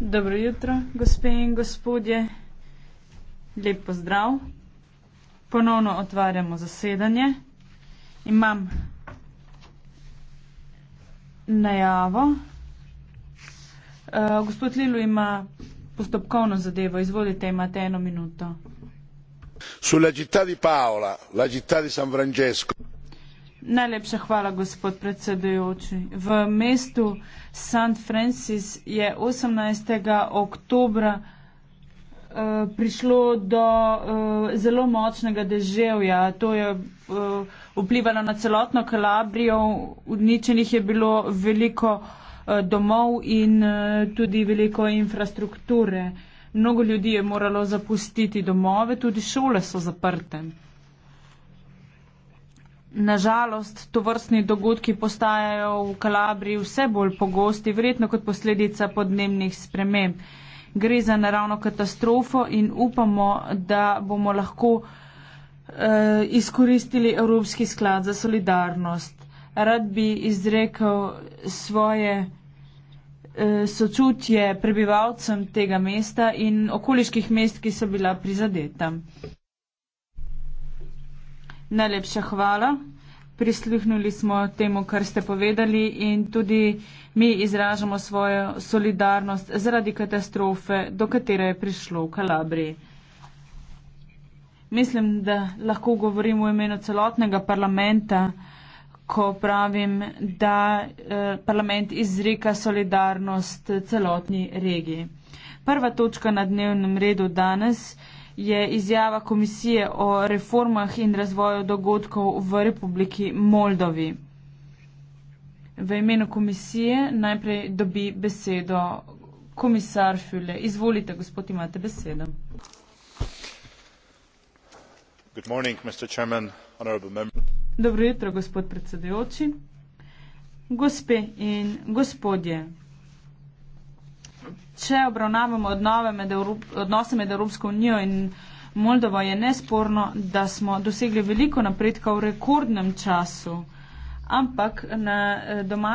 Dobro jutro, gospe in gospodje. Lep pozdrav. Ponovno otvarjamo zasedanje. Imam najavo. Uh, gospod Lilu ima postopkovno zadevo. Izvolite, imate eno minuto. Sulla città di Paola, la città di San Francesco. Najlepša hvala, gospod predsedujoči. V mestu St. Francis je 18. oktobra eh, prišlo do eh, zelo močnega deževja. To je eh, vplivalo na celotno Kalabrijo. Uničenih je bilo veliko domov in tudi veliko infrastrukture. Mnogo ljudi je moralo zapustiti domove, tudi šole so zaprte nažalost to vrstni dogodki postajajo v Kalabriji vse bolj pogosti, verjetno kot posledica podnebnih sprememb. Gre za naravno katastrofo in upamo, da bomo lahko eh, izkoristili Evropski sklad za solidarnost. Rad bi izrekel svoje eh, sočutje prebivalcem tega mesta in okoliških mest, ki so bila prizadeta. Najlepša hvala. Prisluhnili smo temu, kar ste povedali in tudi mi izražamo svojo solidarnost zaradi katastrofe, do katere je prišlo v Kalabriji. Mislim, da lahko govorim v imenu celotnega parlamenta, ko pravim, da eh, parlament izreka solidarnost celotni regiji. Prva točka na dnevnem redu danes je, je izjava komisije o reformah in razvoju dogodkov v Republiki Moldovi. V imenu komisije najprej dobi besedo komisar Füle. Izvolite, gospod, imate besedo. Morning, Chairman, Dobro jutro, gospod predsedujoči, gospe in gospodje. Če obravnavamo med Evrop, odnose med Evropsko unijo in Moldovo, je nesporno, da smo dosegli veliko napredka v rekordnem času. Ampak na eh, domačem.